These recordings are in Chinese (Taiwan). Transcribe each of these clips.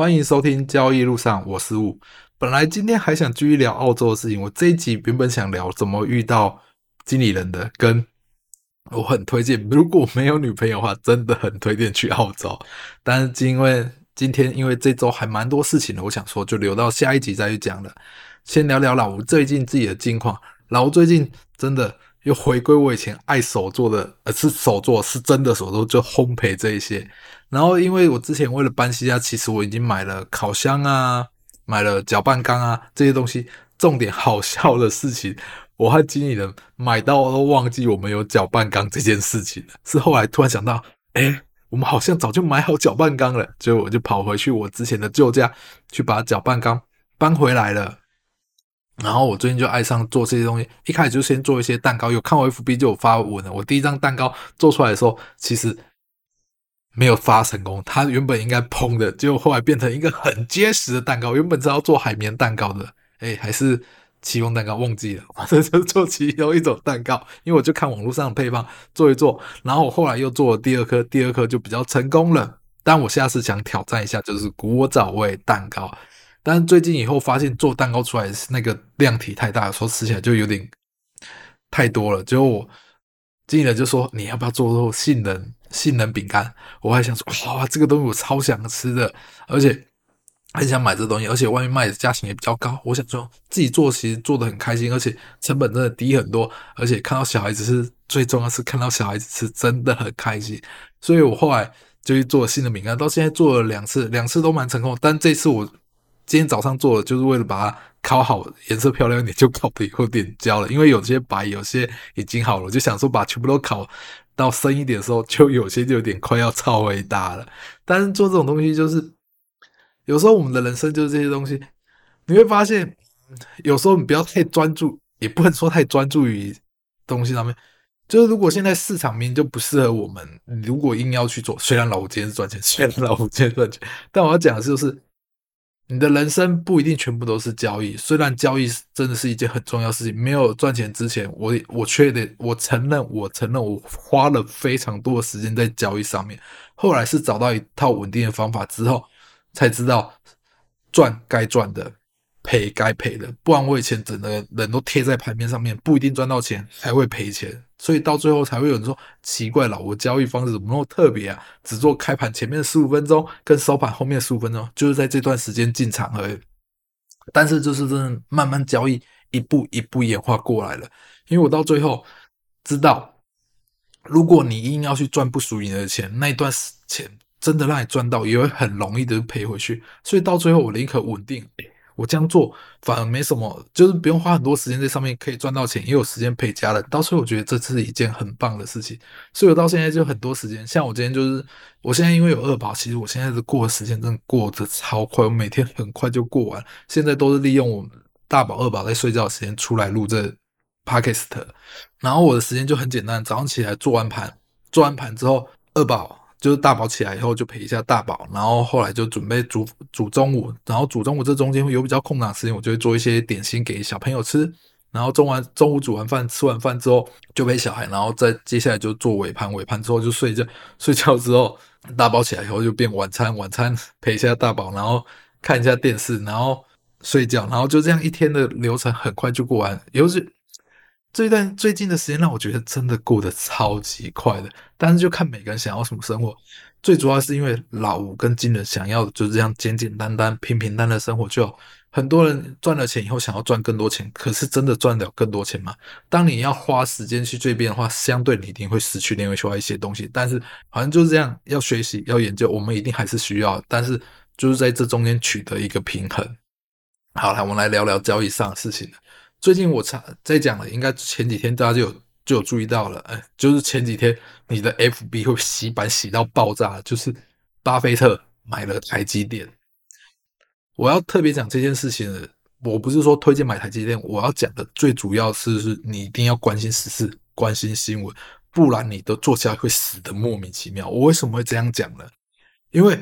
歡迎收聽交易路上，我是吳。本來今天還想繼續聊澳洲的事情，我這一集原本想聊怎麼遇到經理人的，跟我很推薦，如果沒有女朋友的話，真的很推薦去澳洲。但是因為今天因為這周還蠻多事情的，我想說就留到下一集再去講了。先聊聊老吳最近自己的近況，老吳最近真的。又回歸我以前愛手做的，呃，是手做，是真的手做，就烘焙這一些。然後，因為我之前為了搬新家，其實我已經買了烤箱啊，買了攪拌缸啊這些東西。重點好笑的事情，我和經理人買到我都忘記我們有攪拌缸這件事情，是後來突然想到，哎，我們好像早就買好攪拌缸了，所以我就跑回去我之前的舊家去把攪拌缸搬回來了。然後我最近就愛上做這些東西，一開始就先做一些蛋糕，有看我 FB 就有發文了，我第一張蛋糕做出來的時候，其實沒有發成功，它原本應該崩的，結果後來變成一個很結實的蛋糕。原本是要做海綿蛋糕的，哎，還是戚風蛋糕忘記了，反正就做其中一種蛋糕。因為我就看網絡上的配方做一做，然後我後來又做了第二顆，第二顆就比較成功了。但我下次想挑戰一下，就是古早味蛋糕。但最近以後發現做蛋糕出來是那個量體太大，說吃起來就有點太多了。結果我經理人就說：“你要不要做做杏仁杏仁餅乾？”我還想說：“哇，這個東西我超想吃的，而且很想買這東西，而且外面賣的價錢也比較高。”我想說，自己做其實做的很開心，而且成本真的低很多，而且看到小孩子是最重要的是，是看到小孩子吃真的很開心。所以我後來就去做杏仁餅乾，到現在做了兩次，兩次都蠻成功。但這次我。今天早上做了，就是為了把它烤好，顏色漂亮一點就烤得有點焦了，因為有些白，有些已經好了，我就想說把全部都烤到深一點的時候，就有些就有點快要超偉大了。但是做這種東西，就是有時候我們的人生就是這些東西，你會發現，有時候你不要太專注，也不能說太專注於東西上面。就是如果現在市場明明就不適合我們，如果硬要去做，雖然老虎今天是賺錢，雖然老虎今天賺錢，但我要講的是就是。你的人生不一定全部都是交易，雖然交易真的是一件很重要的事情。沒有賺錢之前，我我缺點，我承認，我承認，我花了非常多的時間在交易上面。後來是找到一套穩定的方法之後，才知道賺該賺的。賠該賠的，不然我以前整個人都貼在盤面上面，不一定賺到錢，才會賠錢，所以到最後才會有人說奇怪了，我交易方式怎麼那麼特別啊？只做開盤前面十五分鐘跟收盤後面十五分鐘，就是在這段時間進場而已。但是就是真的慢慢交易，一步一步演化過來了。因為我到最後知道，如果你硬要去賺不屬於你的錢，那一段錢真的讓你賺到，也會很容易的賠回去。所以到最後我寧可穩定。我這樣做反而沒什麼，就是不用花很多時間在上面，可以賺到錢，也有時間陪家人。到時候我覺得這是一件很棒的事情，所以我到現在就很多時間。像我今天就是，我現在因為有二寶，其實我現在是過的時間真的過得超快，我每天很快就過完。現在都是利用我大寶、二寶在睡覺的時間出來錄這 Podcast，然後我的時間就很簡單，早上起來做完盤，做完盤之後，二寶。就是大寶起來以後就陪一下大寶，然後後來就準備煮煮中午，然後煮中午這中間會有比較空檔時間，我就會做一些點心給小朋友吃，然後中完中午煮完飯吃完飯之後就陪小孩，然後再接下來就做尾盤，尾盤之後就睡覺，睡覺之後大寶起來以後就變晚餐，晚餐陪一下大寶，然後看一下電視，然後睡覺，然後就這樣一天的流程很快就過完，尤其。這段最近的時間讓我覺得真的過得超級快的，但是就看每個人想要什麼生活。最主要是因為老吳跟金人想要就是這樣簡簡單單、平平淡淡的生活就好。就很多人賺了錢以後想要賺更多錢，可是真的賺了更多錢嗎？當你要花時間去這邊的話，相對你一定會失去另外一些東西。但是好像就是這樣，要學習、要研究，我們一定還是需要的。但是就是在這中間取得一個平衡。好了，我們來聊聊交易上的事情。最近我才在講的應該前幾天大家就有就有注意到了，哎，就是前幾天你的 FB 會洗板洗到爆炸，就是巴菲特買了台積電。我要特別講這件事情，我不是說推薦買台積電，我要講的最主要是不是你一定要關心時事、關心新聞，不然你都坐下來會死的莫名其妙。我為什麼會這樣講呢？因為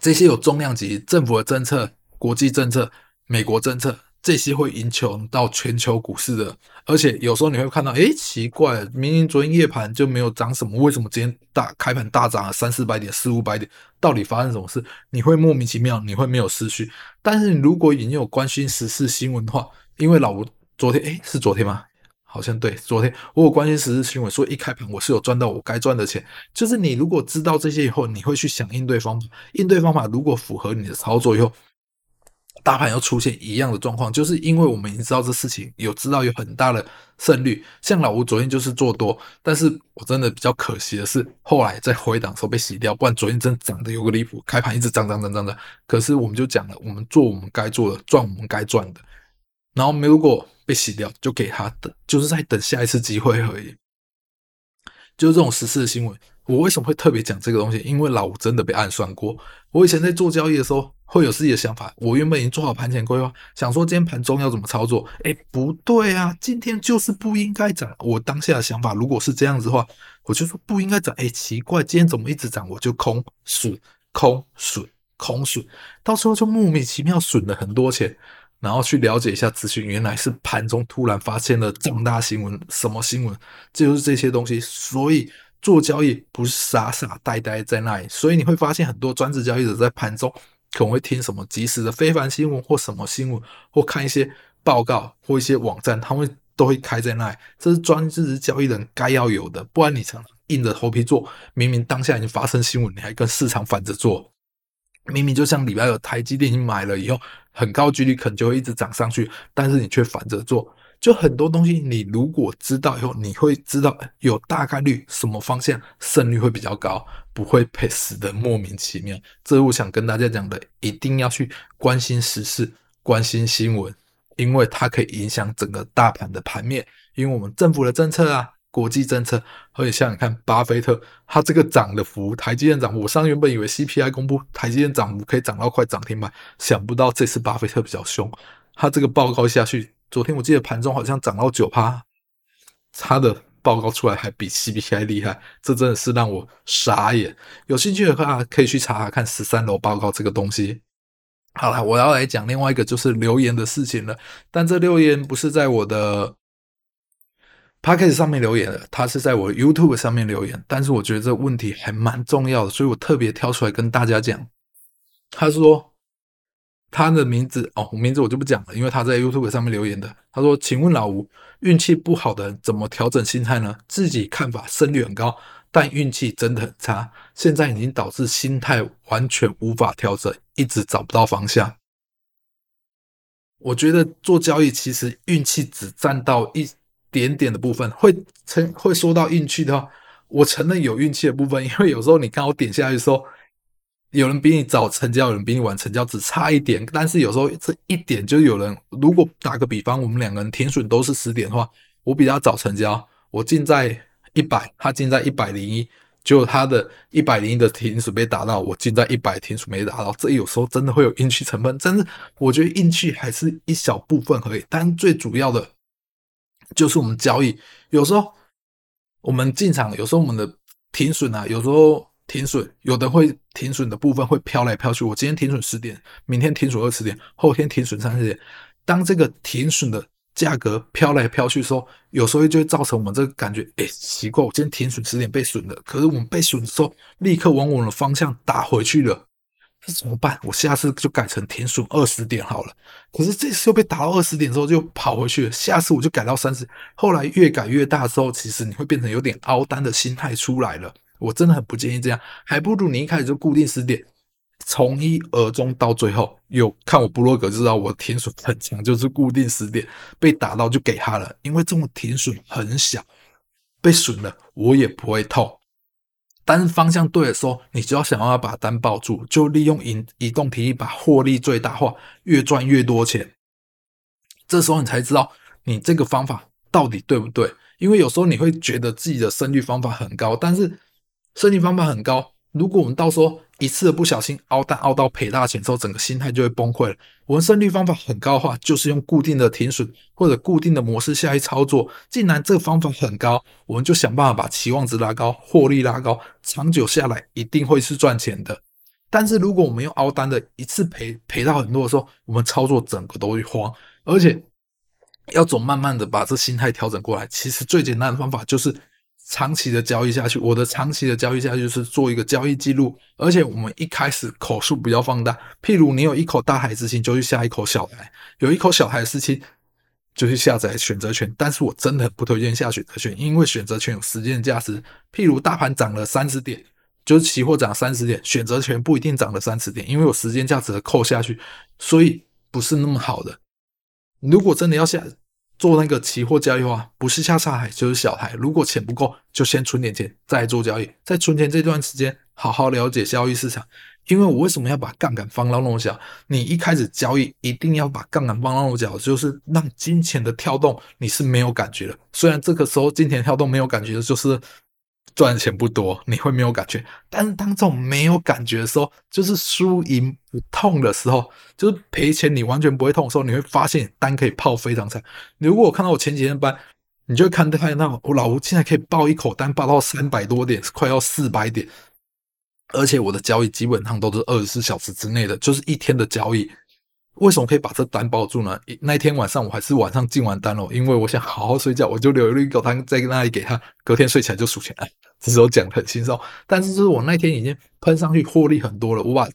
這些有重量級政府的政策、國際政策、美國政策。這些會影響到全球股市的，而且有時候你會看到，誒奇怪，明明昨天夜盤就沒有漲什麼，為什麼今天大開盤大漲了三四百點、四五百點，到底發生什麼事？你會莫名其妙，你會沒有思緒。但是，如果你有關心時事新聞的話，因為老吳昨天，哎，是昨天嗎？好像對，昨天。我有關心時事新聞，所以一開盤我是有賺到我該賺的錢。就是你如果知道這些以後，你會去想應對方法，應對方法如果符合你的操作以後。大盤要出現一樣的狀況，就是因為我們已經知道這事情有知道有很大的勝率，像老吳昨天就是做多，但是我真的比較可惜的是，後來在回檔的時候被洗掉，不然昨天真的漲得有個離譜，開盤一直漲漲漲漲漲，可是我們就講了，我們做我們該做的，賺我們該賺的，然後沒如果被洗掉，就給他等，就是在等下一次機會而已，就是這種時事的新聞。我為什麼會特別講這個東西？因為老五真的被暗算過。我以前在做交易的時候，會有自己的想法。我原本已經做好盤前規劃，想說今天盤中要怎麼操作。哎，不對啊，今天就是不應該漲。我當下的想法如果是這樣子的話，我就說不應該漲。哎，奇怪，今天怎麼一直漲？我就空損、空損、空損，到時候就莫名其妙損了很多錢。然後去了解一下資訊，原來是盤中突然發現了重大新聞，什麼新聞？就是這些東西，所以。做交易不是傻傻呆呆在那裡，所以你會發現很多專職交易者在盤中可能會聽什麼即時的非凡新聞或什麼新聞，或看一些報告或一些網站，他們都會開在那裡。這是專職交易人該要有的，不然你常硬着頭皮做，明明當下已經發生新聞，你還跟市場反着做。明明就像禮拜二台積電你買了以後，很高幾率可能就會一直漲上去，但是你卻反着做。就很多東西，你如果知道以後，你會知道有大概率什麼方向勝率會比較高，不會賠死的莫名其妙。這是我想跟大家講的，一定要去關心時事，關心新聞，因為它可以影響整個大盤的盤面。因為我們政府的政策啊，國際政策，所以像你看，巴菲特他這個漲的幅，台積電漲幅，我上原本以為 CPI 公布，台積電漲幅可以漲到快漲停板，想不到這次巴菲特比較凶，他這個報告下去。昨天我記得盤中好像漲到九趴，他的報告出來還比 CPI 厲害，這真的是讓我傻眼。有興趣的話可以去查查看十三樓報告這個東西。好啦，我要來講另外一個就是留言的事情了。但這留言不是在我的 Podcast 上面留言的，他是在我 YouTube 上面留言。但是我覺得這問題還蠻重要的，所以我特別挑出來跟大家講。他說。他的名字哦，名字我就不講了，因為他在 YouTube 上面留言的。他說：“請問老吳，運氣不好的人怎麼調整心態呢？自己看法勝率很高，但運氣真的很差，現在已經導致心態完全無法調整，一直找不到方向。”我覺得做交易其實運氣只占到一點點的部分。會承會說到運氣的話，我承認有運氣的部分，因為有時候你看我點下去的時候。有人比你早成交，有人比你晚成交，只差一點。但是有時候這一點就有人，如果打個比方，我們兩個人停損都是十點的話，我比較早成交，我進在一百，他進在一百零一，就他的一百零一的停損沒達到，我進在一百停損沒達到，這有時候真的會有運氣成分。真的，但是我覺得運氣還是一小部分而已，但最主要的就是我們交易，有時候我們進場，有時候我們的停損啊，有時候。停損，有的會停損的部分會飄來飄去，我今天停損十點，明天停損二十點，後天停損三十點。當這個停損的價格飄來飄去的時候，有時候就會造成我們這個感覺：哎、欸，奇怪，我今天停損十點被損了，可是我們被損的時候立刻往我們的方向打回去了，這怎麼辦？我下次就改成停損二十點好了。可是這次又被打到二十點之後就跑回去了，下次我就改到三十。後來越改越大之後，其實你會變成有點凹單的心態出來了。我真的很不建議這樣，還不如你一開始就固定十點，從一而終到最後。有看我部落格，知道我停損很強，就是固定十點被打到就給他了，因為這種停損很小，被損了我也不會痛。單方向對的時候，你只要想辦法把單抱住，就利用移移動停利把獲利最大化，越賺越多錢。這時候你才知道你這個方法到底對不對，因為有時候你會覺得自己的勝率方法很高，但是。勝率方法很高，如果我們到時候一次的不小心凹單凹到賠大錢之後，整個心態就會崩潰了。我們勝率方法很高的話，就是用固定的停損或者固定的模式下去操作。既然這個方法很高，我們就想辦法把期望值拉高，獲利拉高，長久下來一定會是賺錢的。但是如果我們用凹單的一次賠賠到很多的時候，我們操作整個都會慌，而且要總慢慢的把這心態調整過來。其實最簡單的方法就是。長期的交易下去，我的長期的交易下去，就是做一個交易記錄，而且我們一開始口數不要放大。譬如你有一口大台資金，就去下一口小台；有一口小台資金，就去下載選擇權。但是我真的很不推薦下選擇權，因為選擇權有時間價值。譬如大盤漲了三十點，就是期貨漲三十點，選擇權不一定漲了三十點，因為有時間價值的扣下去，所以不是那麼好的。如果真的要下，做那個期貨交易的話，不是下大台，就是小台。如果錢不夠，就先存點錢，再做交易。在存錢這段時間，好好了解交易市場。因為我為什麼要把槓桿放到那麼小？你一開始交易，一定要把槓桿放到那麼小，就是讓金錢的跳動，你是沒有感覺的。雖然這個時候金錢跳動沒有感覺的，就是。賺錢不多，你會沒有感覺。但是當這種沒有感覺的時候，就是輸贏不痛的時候，就是賠錢你完全不會痛的時候，你會發現單可以泡非常慘。如果我看到我前幾天班，你就會看得到，我老吳竟然可以抱一口單，抱到三百多點，快要四百點，而且我的交易基本上都是二十四小時之內的，就是一天的交易。為什麼可以把這單保住呢？那天晚上我還是晚上進完單哦，因為我想好好睡覺，我就留一個單在那裡給他，隔天睡起來就數錢，啊。這時我講的很輕鬆，但是就是我那天已經噴上去獲利很多了，我把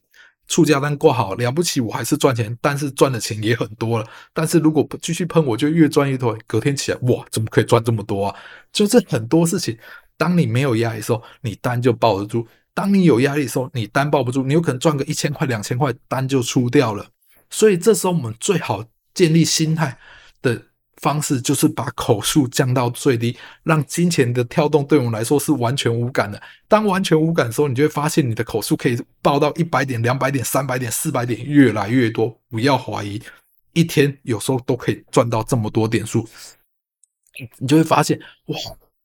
出價單掛好，了不起我還是賺錢，但是賺的錢也很多了。但是如果繼續噴，我就越賺越多。隔天起來，哇，怎麼可以賺這麼多啊？就這很多事情，當你沒有壓力的時候，你單就抱得住；當你有壓力的時候，你單抱不住，你有可能賺個一千塊、兩千塊，單就出掉了。所以，這時候我們最好建立心態的方式，就是把口數降到最低，讓金錢的跳動對我們來說是完全無感的。當完全無感的時候，你就會發現你的口數可以爆到一百點、兩百點、三百點、四百點，越來越多。不要懷疑，一天有時候都可以賺到這麼多點數。你就會發現，哇，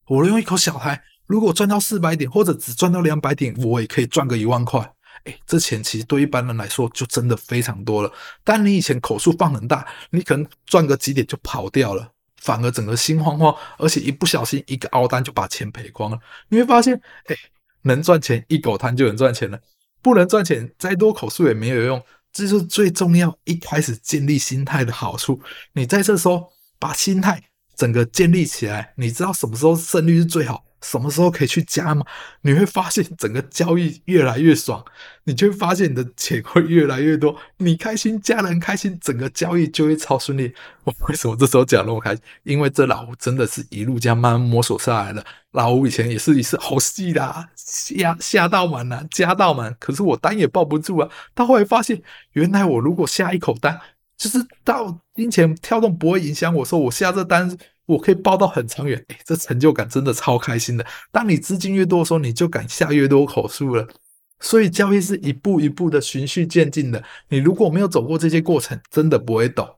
我用一口小台，如果賺到四百點或者只賺到兩百點，我也可以賺個一萬塊。哎，這錢其實對一般人來說就真的非常多了。但你以前口數放很大，你可能賺個幾點就跑掉了，反而整個心慌慌，而且一不小心一個凹單就把錢賠光了。你會發現，哎，能賺錢一狗攤就能賺錢了，不能賺錢再多口數也沒有用。這是最重要一開始建立心態的好處。你在這時候把心態整個建立起來，你知道什麼時候勝率是最好。什麼時候可以去加嗎？你會發現整個交易越來越爽，你就會發現你的錢會越來越多，你開心，家人開心，整個交易就會超順利。我為什麼這時候講那麼開心？因為這老吳真的是一路這樣慢慢摸索下來的。老吳以前也是一次好戲啦，下下到滿啦，加到滿，可是我單也抱不住啊。他後來發現，原來我如果下一口單，就是到金錢跳動不會影響我，說我下這單。我可以抱到很長遠，哎，這成就感真的超開心的。當你資金越多的時候，你就敢下越多口數了。所以交易是一步一步的循序漸進的。你如果沒有走過這些過程，真的不會懂。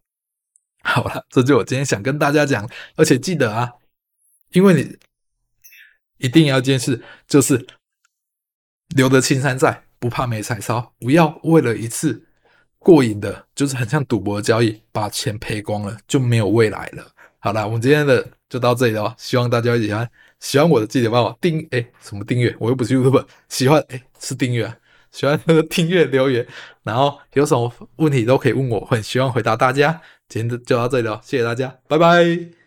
好了，這就我今天想跟大家講。而且記得啊，因為你一定要堅持，就是留得青山在，不怕沒柴燒。不要為了一次過癮的，就是很像賭博的交易，把錢賠光了，就沒有未來了。好啦，我們今天的就到這裡了哦。希望大家喜歡，喜歡我的記得幫我訂，哎，什麼訂閱？我又不是 YouTube，喜歡，哎，是訂閱，喜歡那個訂閱留言，然後有什麼問題都可以問我，很希望回答大家。今天就到這裡了，謝謝大家，拜拜。